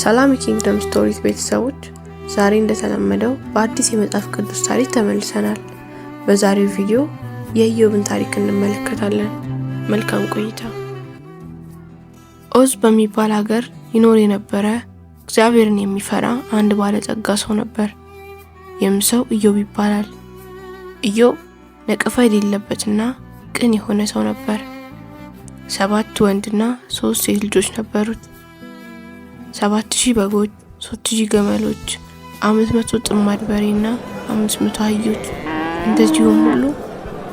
ሰላም የኪንግደም ስቶሪስ ቤተሰቦች፣ ዛሬ እንደተለመደው በአዲስ የመጽሐፍ ቅዱስ ታሪክ ተመልሰናል። በዛሬው ቪዲዮ የኢዮብን ታሪክ እንመለከታለን። መልካም ቆይታ። ኦዝ በሚባል ሀገር ይኖር የነበረ እግዚአብሔርን የሚፈራ አንድ ባለጸጋ ሰው ነበር። ይህም ሰው ኢዮብ ይባላል። ኢዮብ ነቀፋ የሌለበትና ቅን የሆነ ሰው ነበር። ሰባት ወንድና ሶስት ሴት ልጆች ነበሩት። ሰባት ሺህ በጎች፣ ሶስት ሺህ ገመሎች፣ አምስት መቶ ጥማድ በሬና አምስት መቶ አህዮች እንደዚሁም ሁሉ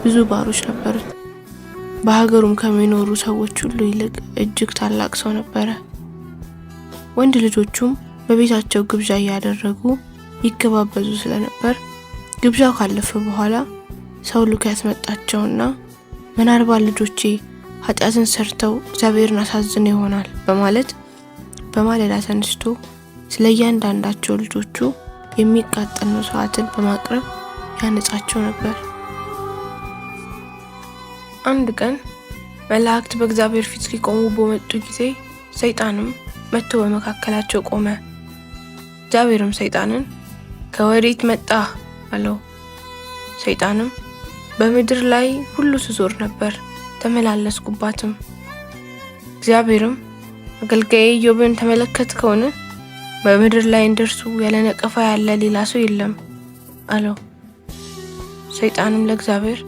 ብዙ ባሮች ነበሩት። በሀገሩም ከሚኖሩ ሰዎች ሁሉ ይልቅ እጅግ ታላቅ ሰው ነበረ። ወንድ ልጆቹም በቤታቸው ግብዣ እያደረጉ ይገባበዙ ስለነበር ግብዣው ካለፈ በኋላ ሰው ልኮ ያስመጣቸውና ምናልባት ልጆቼ ኃጢአትን ሰርተው እግዚአብሔርን አሳዝነው ይሆናል በማለት በማለዳ ተነስቶ ስለ እያንዳንዳቸው ልጆቹ የሚቃጠል መስዋዕትን በማቅረብ ያነጻቸው ነበር። አንድ ቀን መላእክት በእግዚአብሔር ፊት ሊቆሙ በመጡ ጊዜ ሰይጣንም መጥቶ በመካከላቸው ቆመ። እግዚአብሔርም ሰይጣንን ከወዴት መጣ አለው። ሰይጣንም በምድር ላይ ሁሉ ስዞር ነበር፣ ተመላለስኩባትም። እግዚአብሔርም አገልጋዬ ኢዮብን ተመለከትከውን? በምድር ላይ እንደርሱ ያለ ነቀፋ ያለ ሌላ ሰው የለም አለው። ሰይጣንም ለእግዚአብሔር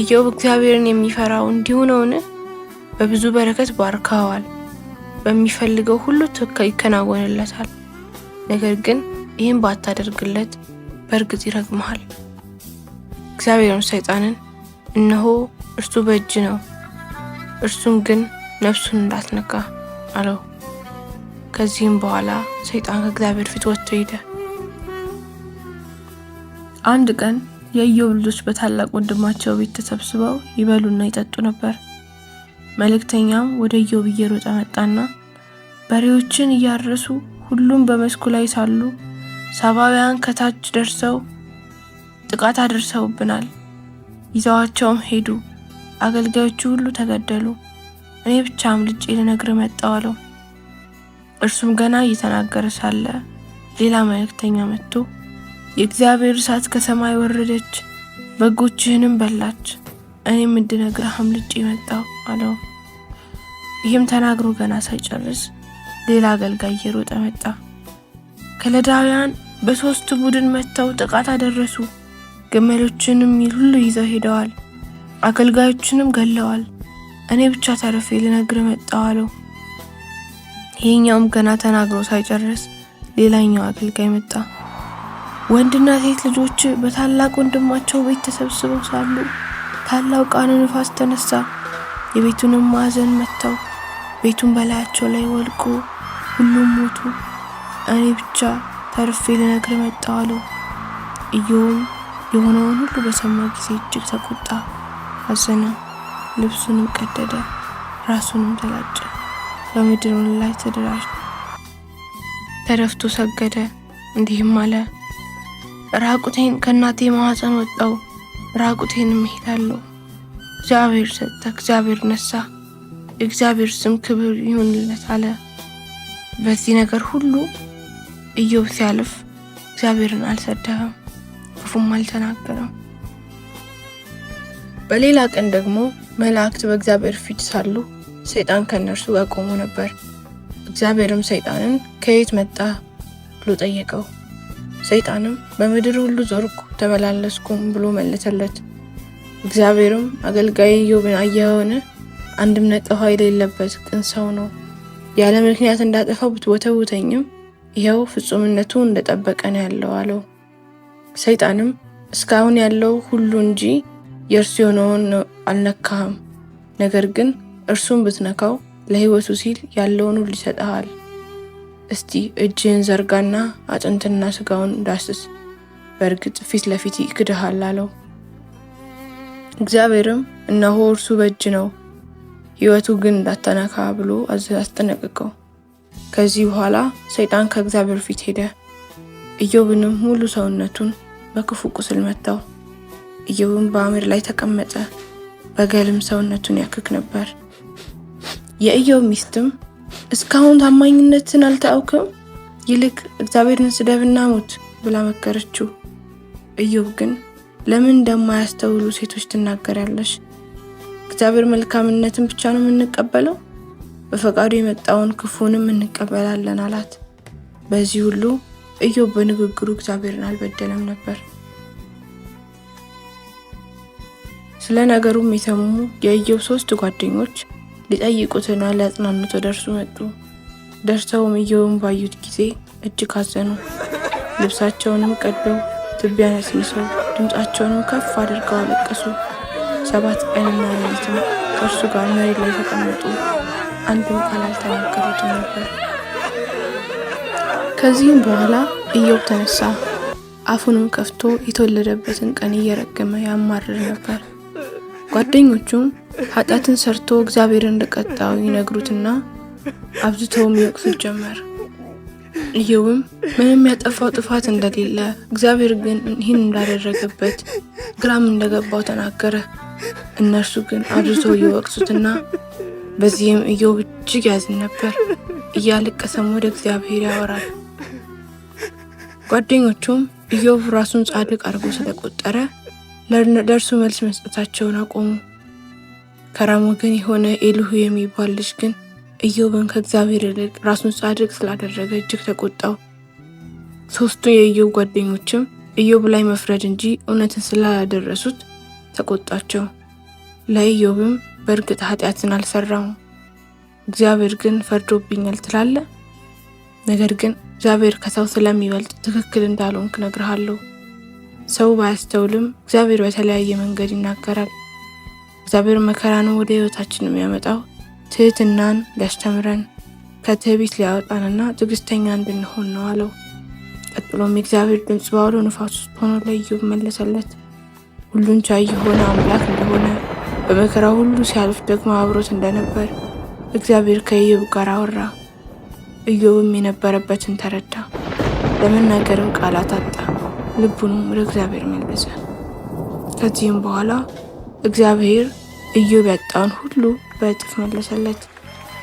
ኢዮብ እግዚአብሔርን የሚፈራው እንዲሁ ነውን? በብዙ በረከት ባርከዋል፣ በሚፈልገው ሁሉ ትክክል ይከናወንለታል። ነገር ግን ይህን ባታደርግለት በእርግጥ ይረግመሃል። እግዚአብሔርን ሰይጣንን እነሆ እርሱ በእጅ ነው፣ እርሱን ግን ነፍሱን እንዳትነካ አለው። ከዚህም በኋላ ሰይጣን ከእግዚአብሔር ፊት ወጥቶ ሄደ። አንድ ቀን የኢዮብ ልጆች በታላቅ ወንድማቸው ቤት ተሰብስበው ይበሉና ይጠጡ ነበር። መልእክተኛም ወደ ኢዮብ እየሮጠ መጣና በሬዎችን እያረሱ ሁሉም በመስኩ ላይ ሳሉ ሳባውያን ከታች ደርሰው ጥቃት አድርሰውብናል። ይዘዋቸውም ሄዱ። አገልጋዮቹ ሁሉ ተገደሉ። እኔ ብቻ አምልጬ ልነግር መጣው አለው። እርሱም ገና እየተናገረ ሳለ ሌላ መልእክተኛ መጥቶ የእግዚአብሔር እሳት ከሰማይ ወረደች፣ በጎችህንም በላች፣ እኔም እንድነግርህ አምልጬ መጣው አለው። ይህም ተናግሮ ገና ሳይጨርስ ሌላ አገልጋይ እየሮጠ መጣ። ከለዳውያን በሶስት ቡድን መጥተው ጥቃት አደረሱ። ግመሎችንም ሁሉ ይዘው ሄደዋል፣ አገልጋዮችንም ገለዋል። እኔ ብቻ ተርፌ ልነግር መጣሁ አለው። ይህኛውም ገና ተናግሮ ሳይጨርስ ሌላኛው አገልጋይ መጣ። ወንድና ሴት ልጆች በታላቅ ወንድማቸው ቤት ተሰብስበው ሳሉ ታላቅ ቃል ንፋስ ተነሳ። የቤቱንም ማዕዘን መታው። ቤቱን በላያቸው ላይ ወድቆ ሁሉም ሞቱ። እኔ ብቻ ተርፌ ልነግር መጣሁ አለው። ኢዮብም የሆነውን ሁሉ በሰማ ጊዜ እጅግ ተቆጣ፣ አዘነ። ልብሱንም ቀደደ፣ ራሱንም ተላጨ፣ በምድር ላይ ተደራጅ ተደፍቶ ሰገደ፣ እንዲህም አለ ራቁቴን ከእናቴ ማዋፀን ወጣው፣ ራቁቴንም ምሄዳለሁ እግዚአብሔር ሰጠ፣ እግዚአብሔር ነሳ፣ እግዚአብሔር ስም ክብር ይሁንለት አለ። በዚህ ነገር ሁሉ እዮብ ሲያልፍ እግዚአብሔርን አልሰደበም፣ ክፉም አልተናገረም። በሌላ ቀን ደግሞ መላእክት በእግዚአብሔር ፊት ሳሉ ሰይጣን ከእነርሱ ጋር ቆሞ ነበር። እግዚአብሔርም ሰይጣንን ከየት መጣ ብሎ ጠየቀው። ሰይጣንም በምድር ሁሉ ዞርኩ ተመላለስኩም ብሎ መለሰለት። እግዚአብሔርም አገልጋይ ኢዮብን አየኸውን? አንድም ነቀፋ የሌለበት ቅን ሰው ነው። ያለ ምክንያት እንዳጠፋው ብትወተውተኝም ይኸው ፍጹምነቱ እንደጠበቀን ያለው አለው። ሰይጣንም እስካሁን ያለው ሁሉ እንጂ የእርሱ የሆነውን አልነካህም፣ ነገር ግን እርሱን ብትነካው ለሕይወቱ ሲል ያለውን ሁሉ ይሰጠሃል። እስቲ እጅህን ዘርጋና አጥንትና ስጋውን ዳስስ፣ በእርግጥ ፊት ለፊት ይክድሃል አለው። እግዚአብሔርም እነሆ እርሱ በእጅ ነው፣ ሕይወቱ ግን እንዳተነካ ብሎ አስጠነቀቀው። ከዚህ በኋላ ሰይጣን ከእግዚአብሔር ፊት ሄደ። ኢዮብንም ሙሉ ሰውነቱን በክፉ ቁስል መታው። ኢዮብም በአሜር ላይ ተቀመጠ፣ በገልም ሰውነቱን ያክክ ነበር። የእየው ሚስትም እስካሁን ታማኝነትን አልታውክም፣ ይልቅ እግዚአብሔርን ስደብና ሙት ብላ መከረችው። ኢዮብ ግን ለምን እንደማያስተውሉ ሴቶች ትናገሪያለሽ? እግዚአብሔር መልካምነትን ብቻ ነው የምንቀበለው፣ በፈቃዱ የመጣውን ክፉንም እንቀበላለን አላት። በዚህ ሁሉ ኢዮብ በንግግሩ እግዚአብሔርን አልበደለም ነበር። ስለ ነገሩም የሰሙ የኢዮብ ሶስት ጓደኞች ሊጠይቁትና ሊያጽናኑት ወደ እርሱ መጡ። ደርሰውም ኢዮብን ባዩት ጊዜ እጅግ አዘኑ። ልብሳቸውንም ቀደው ትቢያን አስነሰው፣ ድምፃቸውንም ከፍ አድርገው አለቀሱ። ሰባት ቀንና ሌሊትም ከእርሱ ጋር መሬት ላይ ተቀመጡ፣ አንድም ቃል አልተናገሩትም ነበር። ከዚህም በኋላ ኢዮብ ተነሳ፣ አፉንም ከፍቶ የተወለደበትን ቀን እየረገመ ያማርር ነበር። ጓደኞቹም ኃጢአትን ሰርቶ እግዚአብሔር እንደቀጣው ይነግሩትና አብዝተውም ይወቅሱት ጀመር። ኢዮብም ምንም ያጠፋው ጥፋት እንደሌለ እግዚአብሔር ግን ይህን እንዳደረገበት ግራም እንደገባው ተናገረ። እነርሱ ግን አብዝተው እየወቅሱትና በዚህም ኢዮብ እጅግ ያዝን ነበር፣ እያለቀሰም ወደ እግዚአብሔር ያወራል። ጓደኞቹም ኢዮብ ራሱን ጻድቅ አድርጎ ስለቆጠረ ለእርሱ መልስ መስጠታቸውን አቆሙ። ከራም ወገን የሆነ ኤልሁ የሚባል ልጅ ግን ኢዮብን ከእግዚአብሔር ይልቅ ራሱን ጻድቅ ስላደረገ እጅግ ተቆጣው። ሶስቱ የኢዮብ ጓደኞችም ኢዮብ ላይ መፍረድ እንጂ እውነትን ስላላደረሱት ተቆጣቸው። ለኢዮብም በእርግጥ ኃጢአትን አልሰራው። እግዚአብሔር ግን ፈርዶብኛል ትላለ። ነገር ግን እግዚአብሔር ከሰው ስለሚበልጥ ትክክል እንዳልሆንክ ነግርሃለሁ ሰው ባያስተውልም እግዚአብሔር በተለያየ መንገድ ይናገራል። እግዚአብሔር መከራን ወደ ህይወታችን የሚያመጣው ትህትናን ሊያስተምረን ከትዕቢት ሊያወጣንና ትዕግስተኛ እንድንሆን ነው አለው። ቀጥሎም የእግዚአብሔር ድምፅ በአውሎ ንፋስ ውስጥ ሆኖ ለኢዮብ መለሰለት። ሁሉን ቻይ የሆነ አምላክ እንደሆነ በመከራ ሁሉ ሲያልፍ ደግሞ አብሮት እንደነበር እግዚአብሔር ከኢዮብ ጋር አወራ። ኢዮብም የነበረበትን ተረዳ፣ ለመናገርም ቃላት አጣ። ልቡንም ወደ እግዚአብሔር መለሰ ከዚህም በኋላ እግዚአብሔር ኢዮብ ያጣውን ሁሉ በእጥፍ መለሰለት።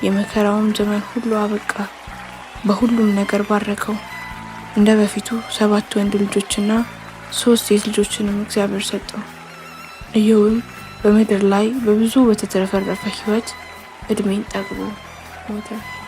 የመከራውም ዘመን ሁሉ አበቃ። በሁሉም ነገር ባረከው። እንደ በፊቱ ሰባት ወንድ ልጆችና ሶስት ሴት ልጆችንም እግዚአብሔር ሰጠው። ኢዮብም በምድር ላይ በብዙ በተትረፈረፈ ሕይወት እድሜን ጠግቦ ሞተ።